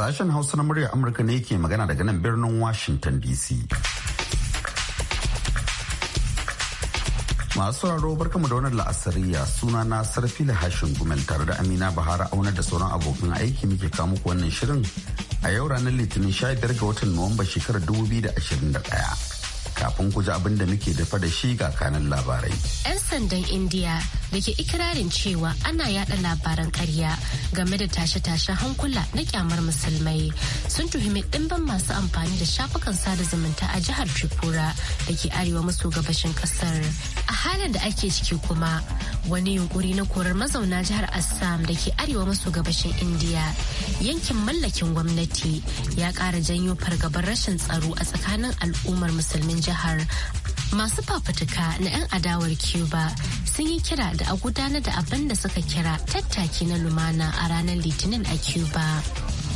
Sashen Hausa na murya Amurka ne ke magana daga nan birnin Washington DC. Masu sauraro barkamu da wannan la'asariya suna na sarfi da hashin gumel tare da Amina Bahara auna da sauran abokan aiki muke kawo muku wannan shirin a yau ranar Litinin 15 ga watan Nuwamba shekarar 2021. kafin ku ji abin da muke dafa da shi ga kanan labarai. 'Yan sandan Indiya da ke ikirarin cewa ana yada labaran karya game da tashe-tashen hankula na kyamar musulmai sun tuhumi ɗimbin masu amfani da shafukan sada zumunta a jihar Tripura da ke arewa maso gabashin kasar. A halin da ake ciki kuma wani yunkuri na korar mazauna jihar Assam da ke arewa maso gabashin Indiya yankin mallakin gwamnati ya ƙara janyo fargabar rashin tsaro a tsakanin al'ummar musulmin jihar. jihar masu fafutuka na 'yan adawar cuba sun yi kira da a gudanar da abin da suka kira tattaki na lumana a ranar litinin a cuba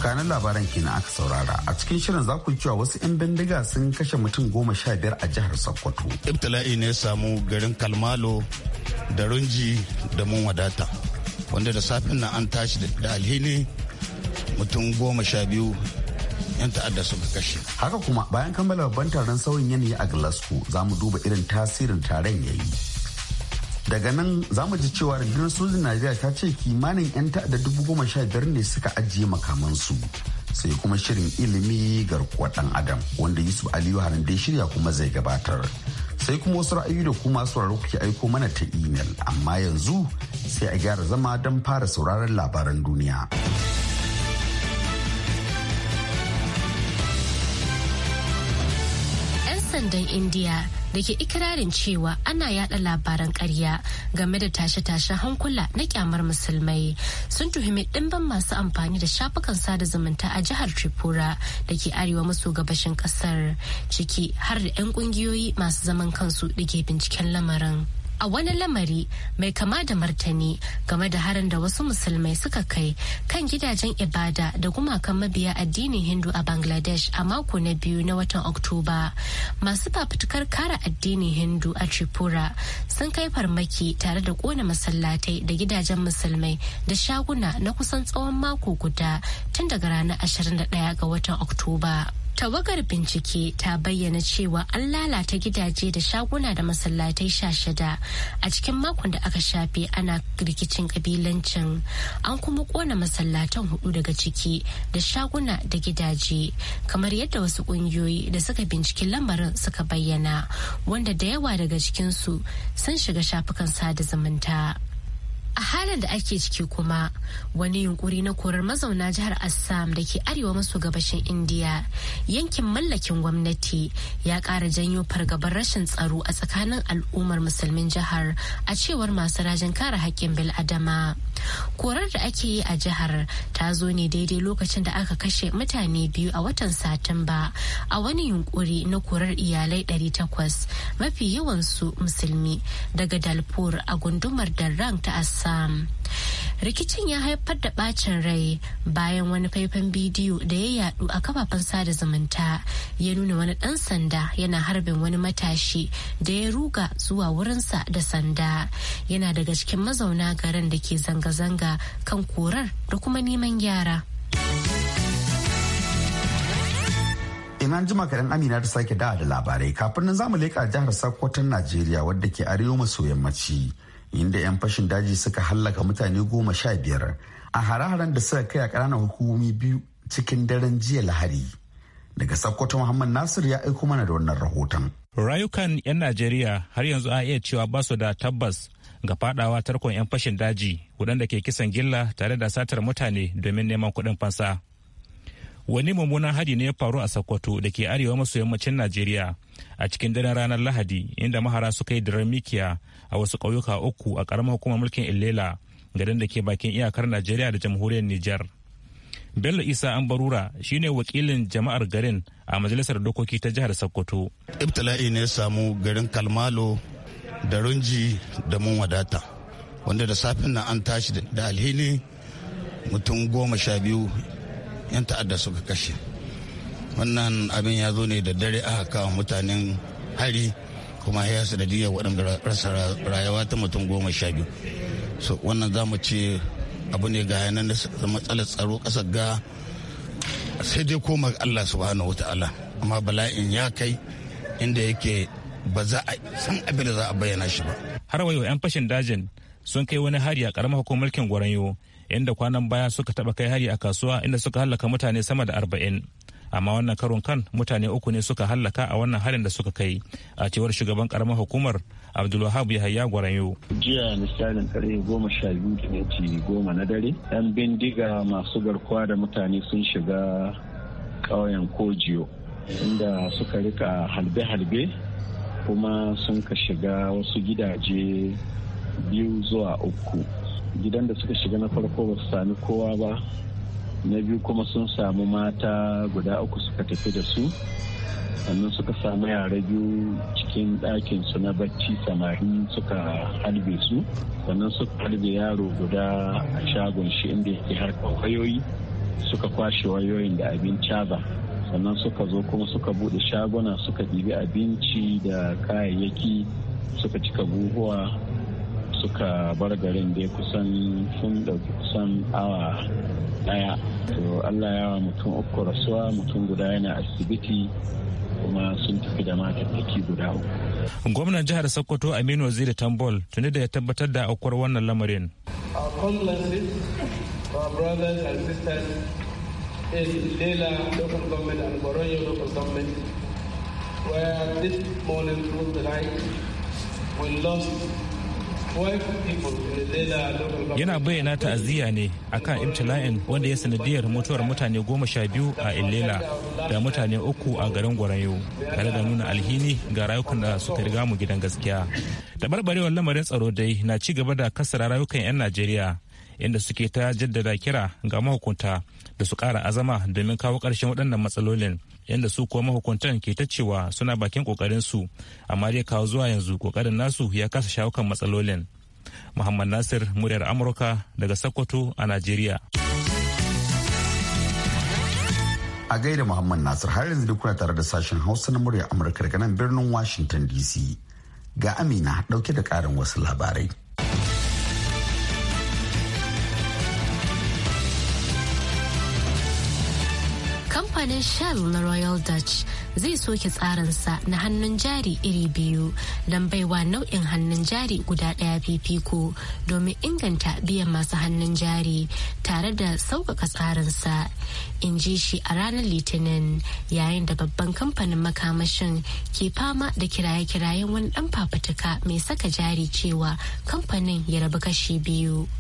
kanan labaran kenan aka saurara a cikin shirin za ku cewa wasu 'yan bindiga sun kashe mutum goma sha biyar a jihar sokoto ibtila'i ne ya samu garin kalmalo da runji da mun wadata wanda da safin nan an tashi da alhini mutum goma sha biyu 'yan ta'adda suka kashe. Haka kuma bayan kammala babban taron sauyin yanayi a Glasgow za mu duba irin tasirin taron ya yi. Daga nan za mu ji cewa rundunar sojin Najeriya ta ce kimanin 'yan ta'adda dubu goma sha biyar ne suka ajiye makamansu. sai kuma shirin ilimi garkuwar dan adam wanda yusuf aliyu harin da shirya kuma zai gabatar sai kuma wasu ra'ayi da kuma sauraro kuke aiko mana ta imel amma yanzu sai a gyara zama don fara sauraron labaran duniya. sandan indiya da ke ikirarin cewa ana yada labaran karya game da tashe-tashen hankula na kyamar musulmai sun tuhumi ɗimbin masu amfani da shafukan sada zumunta a jihar Tripura da ke arewa maso gabashin kasar ciki har da 'yan kungiyoyi masu zaman kansu da ke binciken lamarin. a wani lamari mai kama da martani game da harin da wasu musulmai suka kai kan gidajen ibada da gumakan mabiya addinin hindu a bangladesh a mako na biyu na watan oktoba masu fafutukar kara addinin hindu a tripura sun kai farmaki tare da kona masallatai da gidajen musulmai da shaguna na kusan tsawon mako guda tun daga ranar 21 ga watan oktoba. tawagar bincike ta bayyana cewa an lalata gidaje da shaguna da masallatai sha shida a cikin makon da aka shafe ana rikicin kabilancin an kuma kona masallatan hudu daga ciki da shaguna da gidaje kamar yadda wasu kungiyoyi da suka binciki lamarin suka bayyana wanda da yawa daga cikinsu sun shiga shafukan sada zumunta. a halin da ake ciki kuma wani yunkuri na korar mazauna jihar assam da ke arewa maso gabashin indiya yankin mallakin gwamnati ya kara janyo fargabar rashin tsaro a tsakanin al'ummar musulmin jihar a cewar masu rajin kare haƙƙin bil'adama korar da ake yi a jihar ta zo ne daidai lokacin da aka kashe mutane biyu a watan satumba a wani yunkuri na korar iyalai 800 mafi yawansu musulmi daga dalpur a gundumar darrang ta assam ƙasa. rikicin ya haifar da bacin rai bayan wani faifan bidiyo da ya yadu a kafafen sada zumunta ya nuna wani dan sanda yana harbin wani matashi da ya ruga zuwa wurinsa da sanda yana daga cikin mazauna garin da ke zanga-zanga kan korar da kuma neman gyara an jima kaɗan amina da sake da da labarai kafin nan zamu leƙa jihar sokoton najeriya wadda ke arewa maso yammaci inda 'yan fashin daji suka hallaka mutane goma sha biyar a hare-haren da suka kai a ƙananan hukumomi biyu cikin daren jiya lahari daga sakkwato muhammad nasir ya aiko mana da wannan rahoton rayukan 'yan najeriya har yanzu a iya cewa ba su da tabbas ga fadawa tarkon 'yan fashin daji wadanda ke kisan gilla tare da satar mutane domin neman kuɗin fansa wani mummunan hari ne ya faru a sokoto da ke arewa maso yammacin najeriya a cikin daren ranar lahadi inda mahara suka yi dirar mikiya a wasu ƙauyuka uku a ƙaramar hukumar mulkin illela garin da ke bakin iyakar najeriya da jamhuriyar nijar bello isa ambarura shine wakilin jama'ar garin a majalisar dokoki ta jihar sokoto ibtila'i ne samu garin kalmalo da runji da mun wadata wanda da safin nan an tashi da alhini mutum goma sha biyu 'yan ta'adda suka kashe wannan abin ya zo ne da dare aka kawo mutanen hari kuma ya sanadiyar waɗanda rasa rayuwa ta mutum goma sha biyu so wannan za mu ce abu ne ga yanar da matsalar tsaro ƙasar ga sai dai koma Allah subhanahu wa ta'ala amma bala'in ya kai inda yake ba za a san abin da za a bayyana shi ba har wayo 'yan fashin dajin sun kai wani hari a karamar hukumar mulkin gwaranyo inda kwanan baya suka taba kai hari a kasuwa inda suka halaka mutane sama da arba'in amma wannan karon kan mutane uku ne suka hallaka a wannan harin da suka kai a cewar shugaban karamar hukumar abdulwahab yahaya gwarayo jiya misalin kare goma sha biyu da minti goma na dare yan bindiga masu garkuwa da mutane sun shiga ƙauyen kojiyo inda suka rika halbe-halbe kuma sun ka shiga wasu gidaje biyu zuwa uku gidan da suka shiga na farko ba su sami kowa ba na biyu kuma sun samu mata guda uku suka tafi da su sannan suka samu yara biyu cikin ɗakin su na bacci samari suka harbe su sannan suka harbe yaro guda a shagon shi inda yake harkar wayoyi suka kwashe wayoyin da abin caba sannan suka zo kuma suka buɗe shaguna suka ɗibi abinci da kayayyaki suka cika buhuwa suka bar garin dai kusan sun ɗauki kusan awa ɗaya to allah yawa mutum uku rasuwa mutum guda yana asibiti kuma sun tafi da matattaki guda uku. Gwamnan jihar Sokoto Aminu Waziri Tambol tuni da ya tabbatar da aukuwar wannan lamarin. Where this morning through the night, we lost yana bayyana ta'aziyya ne akan ibtila'in wanda ya sanadiyar mutuwar mutane goma sha biyu a illela da mutane uku a garin gwarayo tare da nuna alhini ga rayukan da suka riga mu gidan gaskiya tabarbarewar lamarin tsaro dai na ci gaba da kasara rayukan 'yan najeriya inda suke ta jaddada kira ga mahukunta da su kara azama domin kawo ƙarshen waɗannan matsalolin yadda su kuma mahukuntan ke ta cewa suna bakin kokarin su amma dai kawo zuwa yanzu kokarin nasu ya kasa shawo matsalolin muhammad nasir muryar amurka daga sokoto a najeriya a gaida muhammad nasir har yanzu da kuna tare da sashen hausa na muryar amurka daga nan birnin washington dc ga amina dauke da karin wasu labarai kamfanin shell na royal dutch zai soke tsarinsa na hannun jari iri biyu don baiwa nau'in hannun jari guda ɗaya fifiko domin inganta biyan masu hannun jari tare da sauƙaƙa tsarinsa in ji shi a ranar litinin yayin da babban kamfanin makamashin ke fama da kiraye-kirayen wani ɗan fafutuka mai saka jari cewa kamfanin ya rabu kashi biyu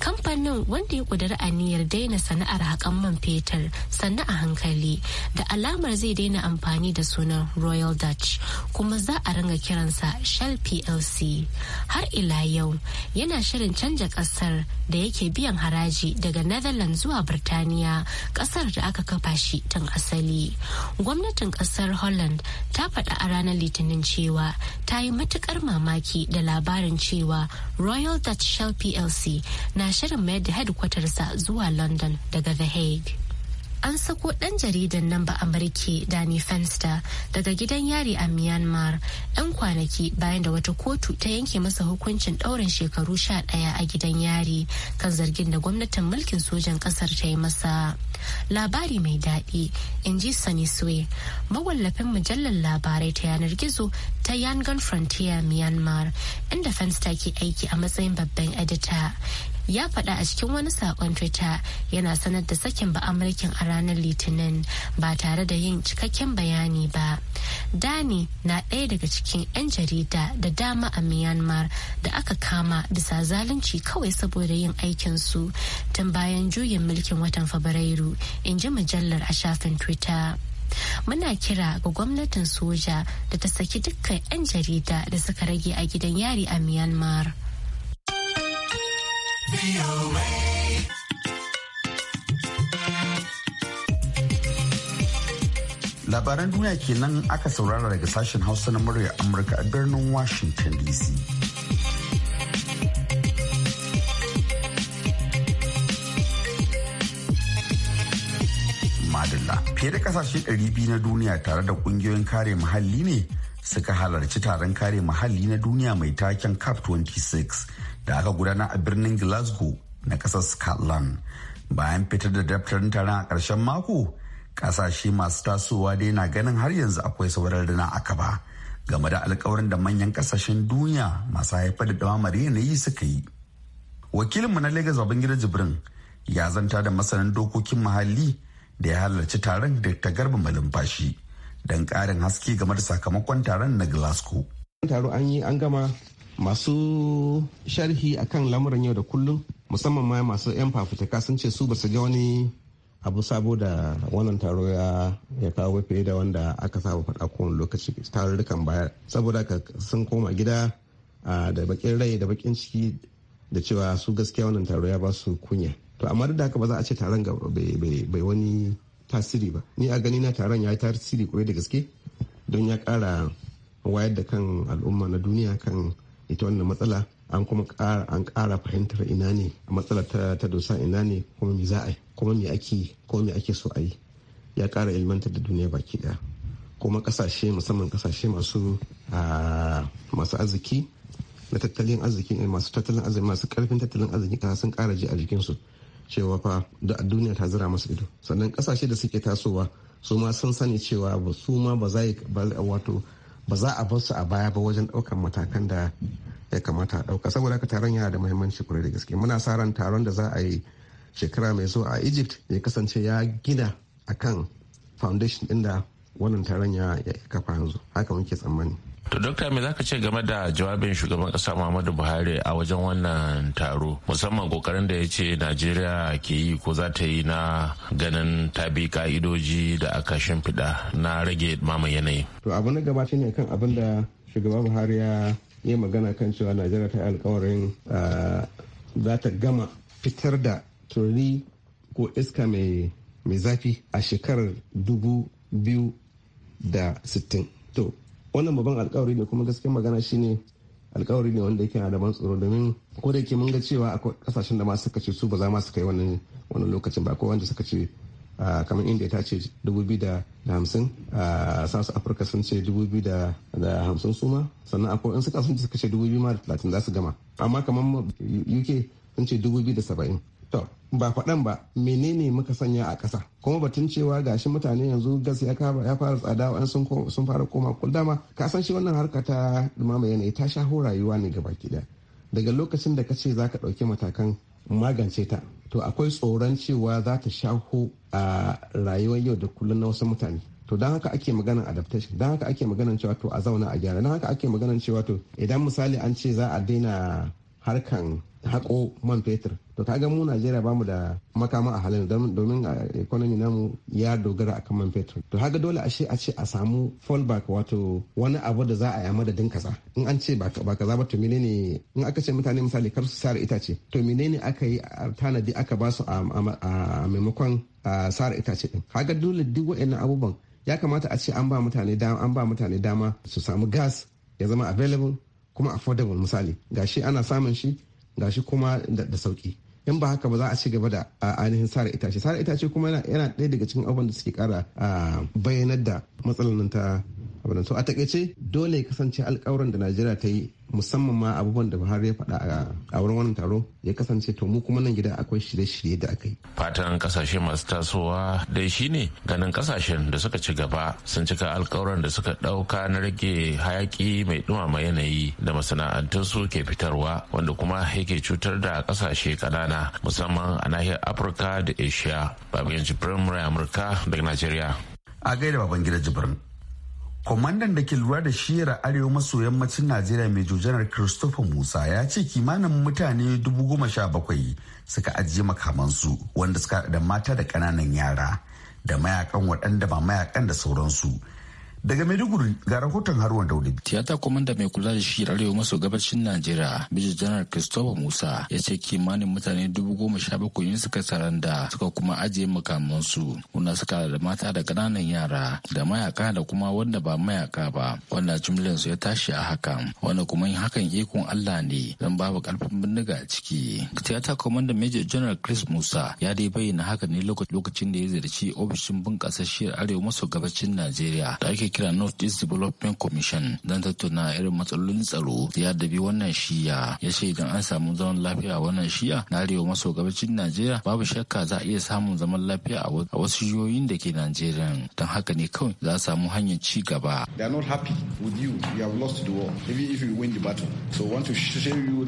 kamfanin wanda ya kudura aniyar daina sana'ar haƙan man fetur sannan a hankali da alamar zai daina amfani amfani da sunan royal dutch kuma za a ringa kiransa shell plc har ila yau yana shirin canja kasar da yake biyan haraji daga netherlands zuwa birtaniya kasar da aka kafa shi tun asali gwamnatin kasar holland ta faɗa a ranar litinin cewa ta yi matukar mamaki da labarin cewa royal dutch shell plc na shirin mayar da hedkwatarsa zuwa london daga the hague an sako ɗan jaridan nan ba amurke Danny Fenster daga gidan yari a Myanmar 'yan kwanaki bayan da wata kotu ta yanke masa hukuncin ɗaurin shekaru sha ɗaya a gidan yari kan zargin da gwamnatin mulkin sojan ƙasar ta yi masa. Labari mai daɗi, in ji Sunny Sue, mawallafin mujallar labarai ta yanar gizo ta Yangan Frontier Myanmar, inda Fenster ke aiki a matsayin babban edita. ya faɗa a cikin wani saƙon twitter yana sanar da sakin ba amurkin a ranar litinin ba tare da yin cikakken bayani ba dani na ɗaya daga cikin 'yan jarida da dama a myanmar da aka kama bisa zalunci kawai saboda yin aikinsu tun bayan juyin mulkin watan fabrairu in ji mujallar a shafin twitter muna kira ga gwamnatin soja da ta saki dukkan 'yan jarida da suka rage a gidan yari a myanmar Labaran duniya kenan aka saurara daga sashen Hausa na murya Amurka a birnin Washington DC. Madalla fiye da kasashe 200 na duniya tare da kungiyoyin kare muhalli ne suka halarci taron kare muhalli na duniya mai taken CAP 26 da aka gudana a birnin Glasgow na kasar Scotland. Bayan fitar da daftarin taron a ƙarshen mako, ƙasashe masu tasowa dai na ganin har yanzu akwai sauran rana aka ba game da alkawarin da manyan ƙasashen duniya masu haifar da ɗawamar yanayi suka yi. Wakilinmu na Lagos Babangida Jibrin ya zanta da masanin dokokin muhalli da ya halarci taron da ta garba malumfashi don ƙarin haske game da sakamakon taron na Glasgow. Taro an yi an gama masu sharhi akan lamuran yau da kullum musamman ma masu 'yan fafutuka sun ce su ba su ga wani abu sabo da wannan taro ya kawo fiye da wanda aka saba faɗa kowane lokaci tarurrukan baya saboda ka sun koma gida da bakin rai da bakin ciki da cewa su gaskiya wannan taro ya ba su kunya to amma duk da haka ba za a ce taron bai wani tasiri ba ni a gani na taron ya yi tasiri kwarai da gaske don ya kara wayar da kan al'umma na duniya kan ita wannan matsala an kuma an ƙara fahimtar ina ne matsala ta dosa ina ne kuma me za a kuma me ake kuma me ake so a yi ya ƙara ilmantar da duniya baki ɗaya kuma kasashe musamman ƙasashe masu masu arziki na tattalin arziki masu tattalin arziki masu ƙarfin tattalin arziki kasa sun ƙara ji a jikinsu cewa fa da duniya ta zira masu ido sannan ƙasashe da suke tasowa su ma sun sani cewa ba su ma ba za wato ba za a bar su a baya ba wajen ɗaukar matakan da ya kamata a ɗauka saboda haka taron yana da muhimmanci kwarai da gaske muna sa ran taron da za a yi shekara mai zuwa a egypt ya kasance ya gina akan foundation inda wannan taron ya kafa yanzu haka muke tsammani To dokta me zaka ce game da jawabin shugaban kasa Muhammadu Buhari a wajen wannan taro musamman kokarin da ya ce Najeriya ke yi ko za ta yi na ganin ta bi ka'idoji da aka shimfiɗa na rage mamaye yanayi. To abu na gaba shine kan abin da shugaban Buhari ya yi magana kan cewa Najeriya ta yi alkawarin ah, za ta gama fitar da turi ko iska mai zafi a shekarar dubu biyu da sittin. To wannan babban alkawari ne kuma gaskiyar magana shine alkawari ne wanda yake da ban tsoro domin ko da yake mun ga cewa akwai kasashen da ma suka ce su ba za ma su kai wannan wannan lokacin ba ko wanda suka ce kamar india ta ce 2050 south africa sun ce 2050 su ma sannan akwai in suka sun suka ce 2030 za su gama amma kamar uk sun ce 2070 To, ba faɗan ba menene muka sanya a ƙasa kuma batun cewa gashi mutane yanzu gas ya fara tsada an sun fara koma kuldama ka san shi wannan harka ta dumama yanayi ta shaho rayuwa ne gaba kida daga lokacin da ka ce za ɗauki matakan magance ta to akwai tsoron cewa za ta shaho a rayuwar yau da kullum na wasu mutane to don haka ake maganan adaptation don haka ake maganan cewa to a zauna a gyara don haka ake maganan cewa to idan misali an ce za a daina harkan haƙo man fetur to ta ga mu najeriya bamu da makama a halin domin a economy namu ya dogara a akan man fetur to haka dole a ce a samu fallback wato wani abu da za a yi madadin kaza in an ce ba kaza ba to menene in aka ce mutane misali kar su sare itace to menene aka yi a tanadi aka ba su a maimakon a sare itace din haka dole duk waɗannan abubuwan ya kamata a ce an ba mutane dama an ba mutane dama su samu gas ya zama available kuma affordable misali gashi ana samun shi gashi kuma da sauki in ba haka ba za a ci gaba da ainihin sare itace sare itace kuma yana ɗaya daga cikin abin da suke kara bayyanar da matsalar ta abin so a takaice dole ya kasance alƙawarin da najeriya ta yi musamman ma abubuwan da Buhari ya faɗa a wurin wannan taro ya kasance to mu kuma nan gida akwai shirye-shirye da aka yi. Fatan kasashe masu tasowa dai shine ganin kasashen da suka ci gaba sun cika alkawuran da suka ɗauka na rage hayaki mai ɗumama yanayi da su ke fitarwa wanda kuma yake cutar da kasashe kanana musamman a nahiyar Afirka da Asia. Babu yanci Firamare Amurka daga Najeriya. A gaida Babangida Jibrin. kwamandan da ke lura da shiyar arewa maso yammacin najeriya mai jojanar christopher musa ya ce kimanin mutane 17,000 suka ajiye makamansu wanda suka da mata da kananan yara da mayakan waɗanda ba mayakan da sauransu Daga Maiduguri ga rahoton haruwan Daudi. Tiyata komanda mai kula da shi arewa maso gabashin Najeriya, Major General Christopher Musa ya ce kimanin mutane dubu goma sha bakwai yin suka da suka kuma ajiye makamansu wanda suka da mata da ƙananan yara da mayaka da kuma wanda ba mayaka ba wanda su ya tashi a hakan wanda kuma yin hakan ikon Allah ne zan ba babu karfin bindiga a ciki. Tiyata komanda Major General Chris Musa ya dai bayyana haka ne lokacin da ya ziyarci ofishin bunƙasa shiyar arewa maso gabashin Najeriya da ake kira north east development commission don tattauna irin matsalolin tsaro da ya dabi wannan shiya ya ce idan an samu zaman lafiya a wannan shiya na arewa maso gabacin najeriya babu shakka za a iya samun zaman lafiya a wasu yoyin da ke najeriya don haka ne kawai za a samu hanyar ci gaba they are not happy with you you lost the war if you so I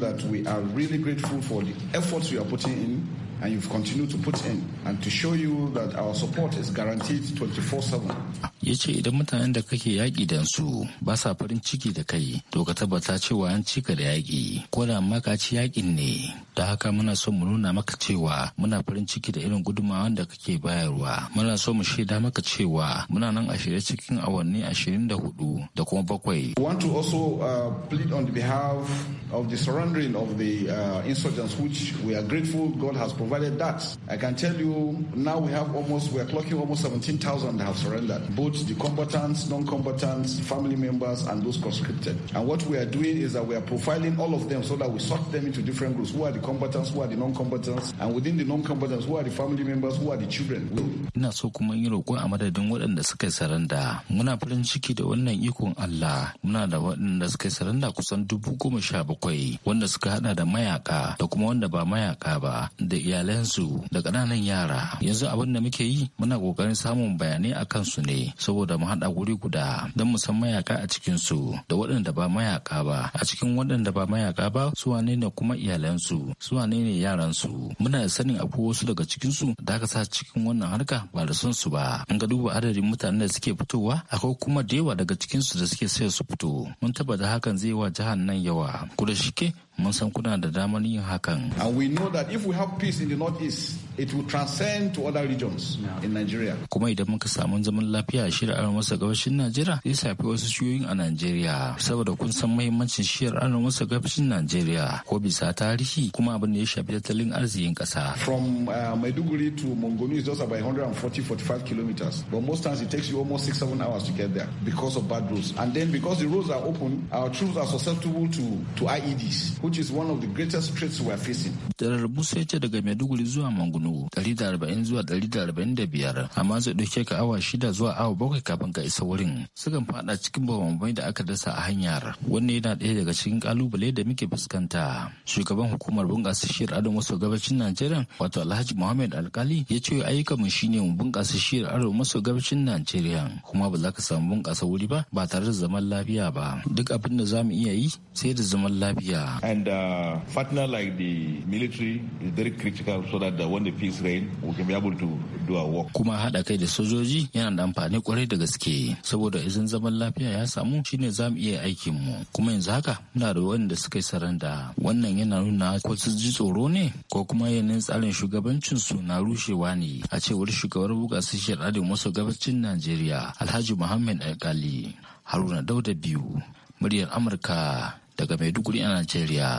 that we are really for the efforts you are in and you've continued to put in and to show you that our support is guaranteed 24/7. Ya ce idan mutanen da kake yaƙi da su ba sa farin ciki da kai to ka tabbata cewa an cika da yaƙi ko da maka ci yaƙin ne da haka muna so mu nuna maka cewa muna farin ciki da irin gudunmawa da kake bayarwa muna so mu shaida maka cewa muna nan a shirye cikin awanni 24 da kuma bakwai. We want to also uh, plead on the behalf of the surrendering of the uh, insurgents which we are grateful God has provided provided that. I can tell you now we have almost, are clocking almost 17,000 have surrendered, both the combatants, non combatants, family members, and those conscripted. And what we are doing is that we are profiling all of them so that we sort them into different groups. Who are the combatants, who are the non combatants, and within the non combatants, who are the family members, who are the children. Ina so kuma yi roƙo a madadin waɗanda suka yi saranda. Muna farin ciki da wannan ikon Allah. Muna da waɗanda suka yi saranda kusan dubu goma sha bakwai wanda suka hada da mayaka da kuma wanda ba mayaka ba da iya. iyalansu da ƙananan yara yanzu abin da muke yi muna ƙoƙarin samun bayanai a kansu ne saboda mu haɗa guri guda don mu san mayaka a cikinsu da waɗanda ba mayaka ba a cikin waɗanda ba mayaka ba su wane ne kuma iyalansu su wane ne yaransu muna da sanin akwai wasu daga cikinsu da aka sa cikin wannan harka ba da son su ba in ga duba adadin mutanen da suke fitowa akwai kuma da yawa daga cikinsu da suke sai su fito mun tabbata hakan zai wa jihar nan yawa ku kuda shike mun san kuna da damar yin hakan. And we know that if we have peace in the northeast, it will transcend to other regions in Nigeria. Kuma idan muka samu zaman lafiya a shirar arewa masa gabashin Najeriya zai shafi wasu ciyoyin a Najeriya. Saboda kun san mahimmancin shiyar arewa masa gabashin Najeriya ko bisa tarihi kuma abin da ya shafi tattalin arzikin ƙasa. From uh, Maiduguri to mongomi is just about 140-45 kilometers. But most times it takes you almost six, seven hours to get there because of bad roads. And then because the roads are open, our troops are susceptible to, to IEDs, which is one of the greatest threats we are facing. Darar Musa ya ce daga Maiduguri zuwa Mangunu 140 zuwa 145 amma zai ɗauke ka awa shida zuwa awa bakwai kafin ka isa wurin. Sukan fada cikin bambamai da aka dasa a hanyar. Wannan yana ɗaya daga cikin kalubale da muke fuskanta. Shugaban hukumar bunƙasa shiyar adon maso gabacin Najeriya wato Alhaji Muhammad Alkali ya ce ayyukan mu shine mu bunƙasa shiyar adon maso gabacin Najeriya kuma ba za ka samu bunƙasa wuri ba ba tare da zaman lafiya ba. Duk abin da za mu iya yi sai da zaman lafiya. And uh, partner like the military is very critical so that uh, when the peace reign, we can be able to do our work. Kuma haɗa kai da sojoji yana da amfani kwarai da gaske saboda izin zaman lafiya ya samu shine za mu iya aikin mu. Kuma yanzu haka muna da wanda suka yi saranda wannan yana nuna ko su ji tsoro ne ko kuma yanayin tsarin shugabancin su na rushewa ne a cewar shugabar bugasasshiyar arewa maso gabacin Najeriya Alhaji Muhammad Alkali Haruna Dauda biyu muryar Amurka daga Maiduguri a Najeriya.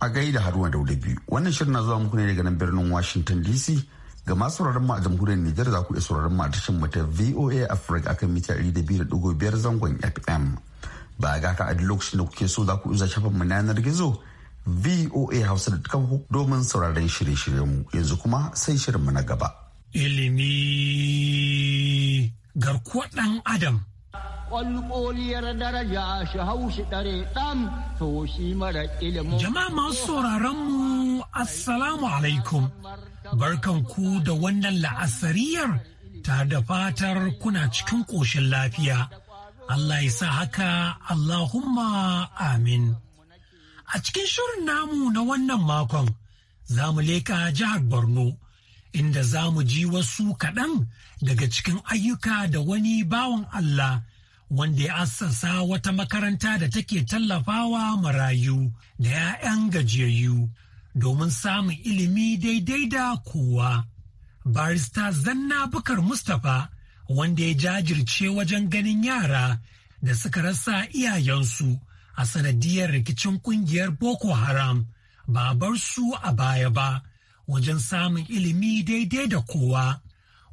A gai gaida Haruna biyu wannan shirin na zuwa muku ne daga nan birnin Washington DC ga masu sauraron mu a jamhuriyar Nijar za ku iya sauraron mu a tashar mu ta VOA Africa akan mita biyar zangon FM. Ba ga ka a lokacin da kuke so za ku iya shafin mu na yanar gizo VOA hausa da Hausa.com domin sauraron shirye-shiryen mu yanzu kuma sai shirin mu na gaba. Ilimi garkuwa ɗan Adam. kwalkoliyar daraja shi haushi ɗare ɗan to shi mara ilimin. Jama'a masu sauraron mu Assalamu alaikum. Barkan ku da wannan la'asariyar ta da fatar kuna cikin ƙoshin lafiya. Allah ya sa haka Allahumma amin. A cikin shirin namu na wannan makon za mu leka jihar Borno. Inda za mu ji wasu kaɗan daga cikin ayyuka da wani bawan Allah wanda ya assasa wata makaranta da take tallafawa marayu da 'ya'yan gajiyayyu domin samun ilimi daidai da kowa. Barista Zanna Bukar Mustapha wanda ya jajirce wajen ganin yara da suka rasa iyayensu a sanadiyar rikicin kungiyar Boko Haram ba bar su a baya ba wajen samun ilimi daidai da kowa.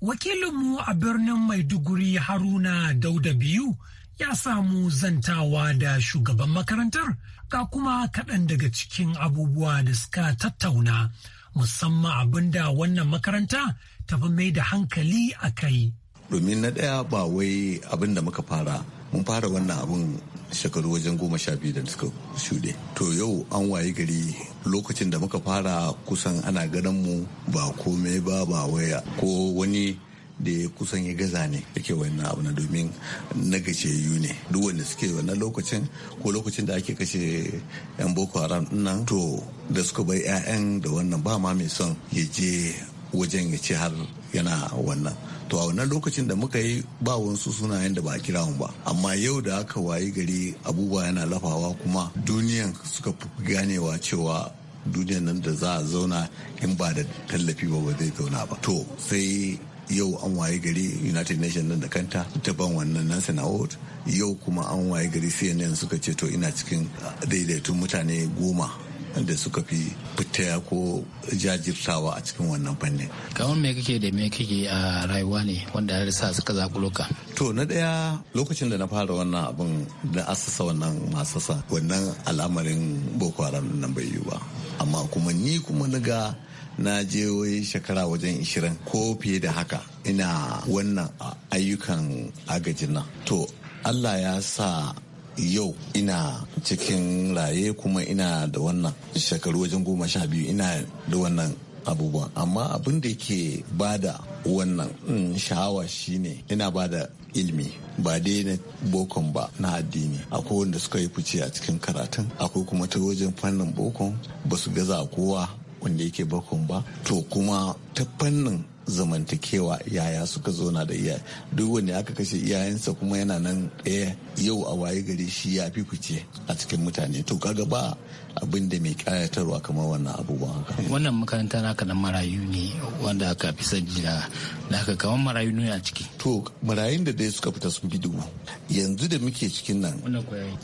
wakilinmu a birnin maiduguri haruna dauda biyu ya samu zantawa da shugaban makarantar ga kuma kaɗan daga cikin abubuwa da suka tattauna musamman abin da wannan makaranta ta fi mai da hankali a kai domin na ɗaya ba wai abin da muka fara mun fara wannan abun shekaru wajen goma sha biyu da suka shuɗe to yau an waye gari lokacin da muka fara kusan ana ganin mu ba komai ba ba waya ko wani da ya kusan ya gaza ne yake wannan abu na domin na yu ne duk wanda suke wannan lokacin ko lokacin da ake kashe yan boko haram nan to da suka bar 'ya'yan da wannan ba ma mai son ya je wajen ya ce har yana wannan to a wannan lokacin da muka yi ba wasu sunayen da ba a kira ba amma yau da aka wayi gari abubuwa yana lafawa kuma duniyan suka fi ganewa cewa duniyan nan da za a zauna in ba da tallafi ba ba zai zauna ba to sai yau an waye gari united nations nan da kanta ta ban wannan nan sana'ot yau kuma an waye gari cnn suka ce to ina cikin daidaitun mutane goma da suka fi fita ko jajirtawa a cikin wannan fannin. Kamar me kake da me kake a rayuwa ne wanda ya sa suka zakulo To na ɗaya lokacin da na fara wannan abin da asasa wannan masasa wannan al'amarin Boko Haram nan bai yi ba. Amma kuma ni kuma na ga na je wai shekara wajen 20 ko fiye da haka ina wannan ayyukan agajin nan. To Allah ya sa yau ina cikin raye kuma ina da wannan shekaru wajen goma sha biyu ina da wannan abubuwan amma abin da ke da wannan mm, sha'awa shine ina ba da ilmi ba dai na bokon ba na addini akwai wanda suka yi fice a cikin karatun akwai kuma ta wajen fannin bokon ba su gaza kowa wanda yake bakon ba to kuma ta fannin zamantakewa yaya suka zauna da iya duk wanda aka kashe iyayensa kuma yana nan ɗaya yau a waye gari shi ya fi fice a cikin mutane to kaga ba abin da mai kayatarwa kamar wannan abubuwa. wannan makaranta naka na marayu ne wanda aka fi sanji da aka kamar marayu ne a ciki to marayun da dai suka fita sun bi dubu yanzu da muke cikin nan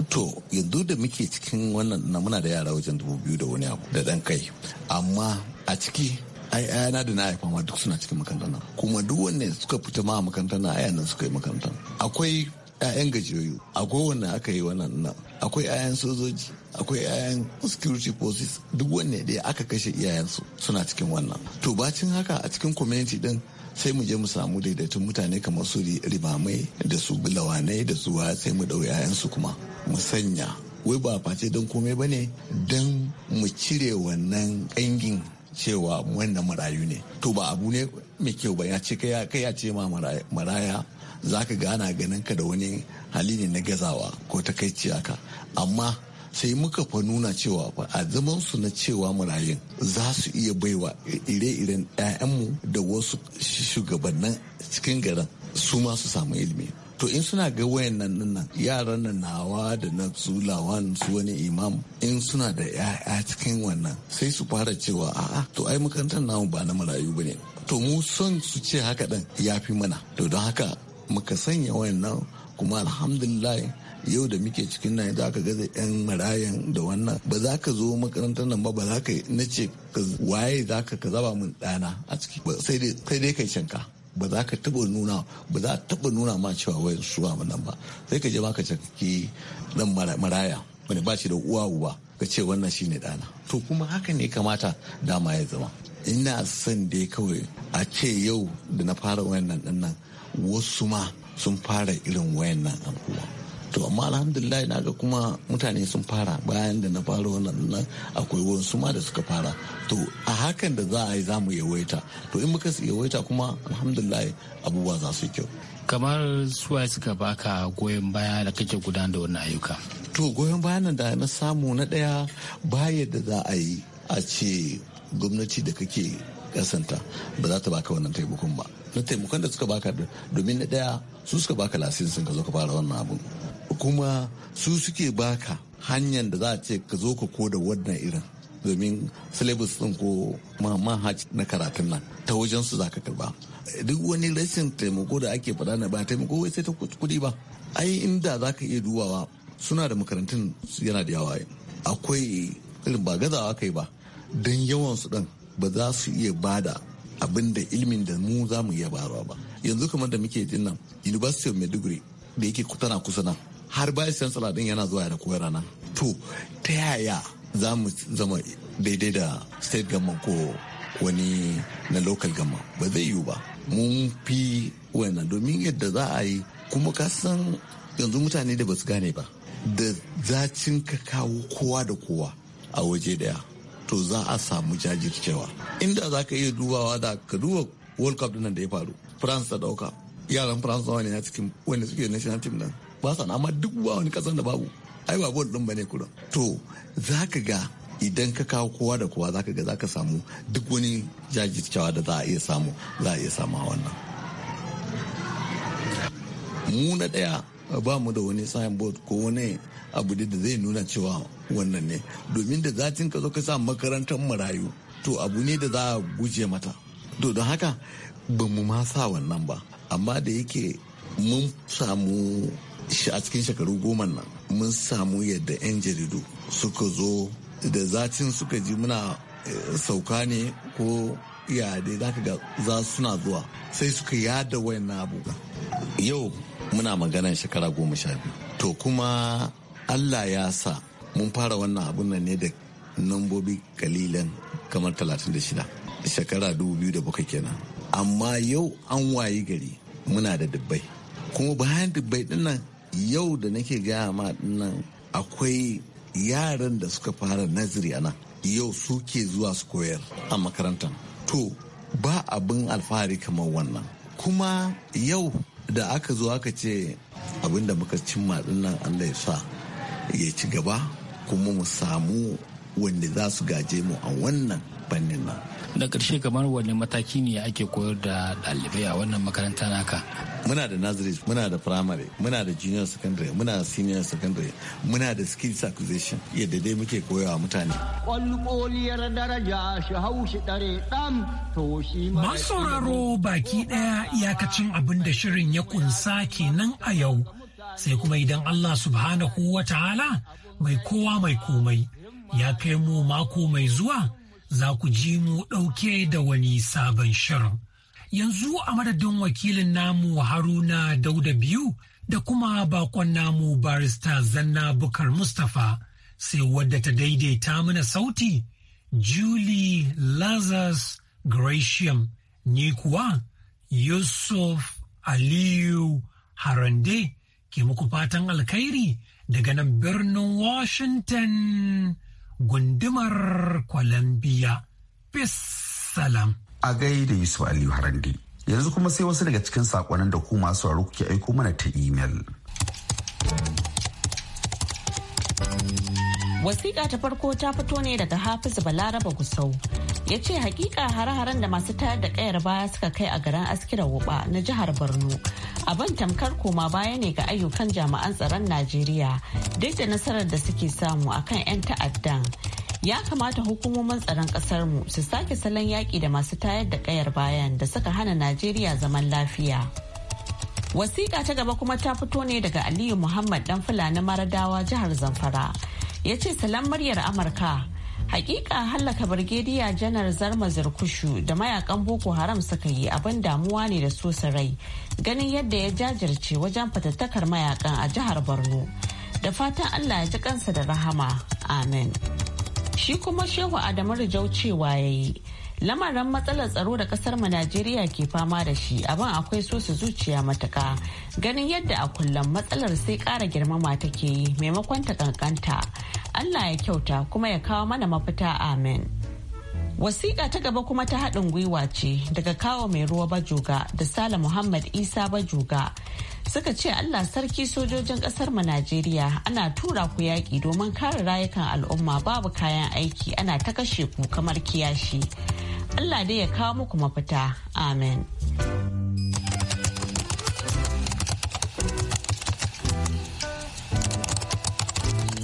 to yanzu da muke cikin wannan na muna da yara wajen dubu biyu da wani abu da dan kai amma a ciki ai ayana da na haifa ma duk suna cikin makarantar kuma duk wanda suka fita ma makarantar nan suka yi makarantar akwai 'ya'yan gajiyoyi akwai wanda aka yi wannan nan akwai ƴaƴan sojoji akwai 'ya'yan security forces duk wanne da aka kashe iyayensu suna cikin wannan to bacin haka a cikin community din sai mu je mu samu daidaitun mutane kamar su ribamai da su bilawanai da su sai mu ɗau 'ya'yansu kuma mu sanya wai ba face don komai ba ne don mu cire wannan ƙangin cewa wannan marayu ne to ba abu ne mai kyau ba ya ce kai ya ce ma maraya za ka gana ganin ka da wani hali ne na gazawa ko takaici haka amma sai muka fa nuna cewa a zaman su na cewa marayun za su iya baiwa ire-iren 'ya'yanmu da wasu shugabannin cikin garin su ma su samu ilimi to in suna ga wayannan nan yaran nan nawa da na su lawan su wani imam in suna da ya'ya cikin wannan sai su fara cewa a'a to ai makarantar namu ba na marayu bane to mu son su ce haka din ya fi mana to don haka muka sanya wayannan kuma alhamdulillah yau da muke cikin nan za ka gaza yan marayan da wannan ba za ka zo makarantar nan ba ba za ka na ce waye za ka zaba mun dana a ciki sai dai kai shanka ba za ka taba nuna ba za taba nuna ma cewa wayan su ba nan ba sai ka je ma ka cakki dan maraya wani ba shi da uwa uba ka ce wannan shine dana to kuma haka ne kamata dama ya zama ina son dai kawai a ce yau da na fara wayannan nan wasu ma sun fara irin wayannan abubuwa to amma alhamdulillah na ga kuma mutane sun fara bayan da na fara wannan nan akwai wasu ma da suka fara to a hakan da za a yi zamu yawaita to in muka yawaita kuma alhamdulillah abubuwa za su kyau kamar suwa suka baka goyon baya da kake gudanar da wannan ayyuka to goyon bayan da na samu na daya baya da za a yi a ce gwamnati da kake kasanta ba za ta baka wannan taimakon ba na taimakon da suka baka domin na daya su suka baka lasisin ka zo ka fara wannan abun kuma su suke baka hanyar da za a ce ka zo ka koda wannan irin domin syllabus din ko manhaj na karatun nan ta wajen su za ka karba duk wani rashin taimako da ake faɗa na ba taimako wai sai ta kuɗi ba ai inda za ka iya dubawa suna da makarantun yana da yawa akwai irin ba gazawa kai ba don yawan su dan ba za su iya bada abin da ilimin da mu za mu iya barawa ba yanzu kamar da muke jin nan university of maiduguri da yake tana kusa nan har bayan chancellor din yana zuwa da koyar rana to ta yaya za mu zama daidai da state government ko wani na local government ba zai yiwu ba mun fi wannan domin yadda za a yi kuma ka san yanzu mutane da ba su gane ba da zacin ka kawo kowa da kowa a waje daya to za a samu jajircewa inda za ka iya dubawa da ka duba world cup nan da ya faru france da dauka yaran france wani na cikin wani suke national team nan ba sana amma duk ba wani kasar da babu ai ba bol din bane kullum to zaka ga idan ka kawo kowa da kowa zaka ga zaka samu duk wani jajircewa da za a iya samu za a iya samu a wannan mu na daya ba mu da wani board ko wani abu da zai nuna cewa wannan ne domin da zatin ka zo ka sa makarantar marayu to abu ne da za a guje mata to don haka ba mu ma sa wannan ba amma da yake mun samu a cikin shekaru goma nan mun samu yadda 'yan jaridu suka zo da zacin suka ji muna eh, sauka ne ko ya dai za ka ga za suna zuwa sai suka yada wayannan abubuwa yau muna maganar shekara goma sha biyu to kuma allah ya sa mun fara wannan abun nan ne da nambobi kalilan kamar 36 shekara 2007 kenan amma yau an wayi gari muna da dubbai kuma bayan dubbai dinnan yau da nake gaya ma nan akwai yaran da suka fara naziri ana yau suke zuwa su koyar a makarantar to ba abin alfahari kamar wannan kuma yau da aka zo aka ce abin da muka cimma an allah ya sa ya ci gaba kuma mu samu wanda za su gaje mu a wannan fannin nan da ƙarshe kamar wani mataki ne ake koyar da ɗalibai a wannan makaranta naka muna da nursery muna da primary muna da junior secondary muna da senior secondary muna da skills acquisition yadda dai muke koyawa mutane ƙwalƙoliyar daraja shi shi ɗare ɗan to shi ma sauraro baki ɗaya iyakacin abin da shirin ya kunsa kenan a yau sai kuma idan Allah subhanahu wa ta'ala mai kowa mai komai ya kai mu mako mai zuwa za ku ji mu ɗauke da wani sabon shirin. Yanzu a madadin wakilin namu Haruna Dauda biyu da kuma bakon namu barista Zanna Bukar Mustapha sai wadda ta daidaita mana sauti Julie Lazarus Gratiam ni kuwa Yusuf Aliyu Harande ke muku fatan alkhairi daga nan birnin Washington. gundumar Columbia. Peace A gaida Yusuf Aliyu Harande. Yanzu kuma sai wasu daga cikin sakonnin da ku masu sauraro kuke aiko mana ta imel. Wasiƙa ta farko ta fito ne daga Hafizu Balaraba Gusau. ya ce hakika hare-haren da masu tayar da kayar baya suka kai a garin askira wuba na jihar borno abin tamkar koma baya ne ga ayyukan jami'an tsaron najeriya duk da nasarar da suke samu akan 'yan ta'addan ya kamata hukumomin tsaron kasar mu su sake salon yaƙi da masu tayar da kayar bayan da suka hana najeriya zaman lafiya wasiƙa ta gaba kuma ta fito ne daga aliyu muhammad dan fulani maradawa jihar zamfara ya ce salon muryar amurka hakika hallaka birgediya janar zarma zarkushu da mayakan boko haram suka yi abin damuwa ne da sosa rai ganin yadda ya jajirce wajen fatattakar mayakan a jihar borno da fatan allah ya ji kansa da rahama amin shi kuma shehu adamu rijau cewa ya yi lamarin matsalar tsaro da kasar mu najeriya ke fama da shi abin akwai so su zuciya matuka ganin yadda a kullum matsalar sai kara girmama take yi maimakon ta kankanta allah ya kyauta kuma ya kawo mana mafita amen wasiƙa ta gaba kuma ta haɗin gwiwa ce daga kawo mai ruwa bajuga da sala muhammad isa bajuga suka ce allah sarki sojojin ƙasar mu najeriya ana tura ku yaƙi domin kare rayukan al'umma babu kayan aiki ana ta kashe ku kamar kiyashi Allah dai ya kawo muku mafita. Amen.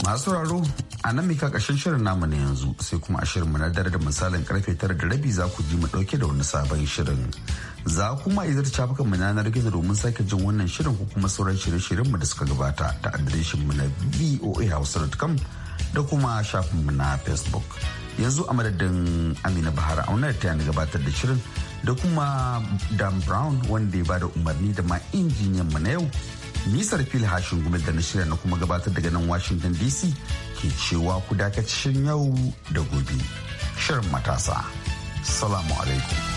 Masu raro a nan mika kashin shirin namu na yanzu sai kuma a shirin na dare da misalin karfe tara da rabi za ku ji mu ɗauke da wani sabon shirin. Za ku kuma izar shafukan mu yanar gizo domin sake jin wannan shirin ko kuma sauran shirye-shiryen mu da suka gabata ta adireshin mu na voahausa.com da kuma shafin mu na facebook. yanzu a madadin amina bahar auna ta yana gabatar da shirin da kuma dan brown wanda ya bada umarni da ma injiniyan mu na yau nisar fil hashin gumel da na shirya na kuma gabatar daga nan washington dc ke cewa ku dakacin yau da gobe shirin matasa salamu alaikum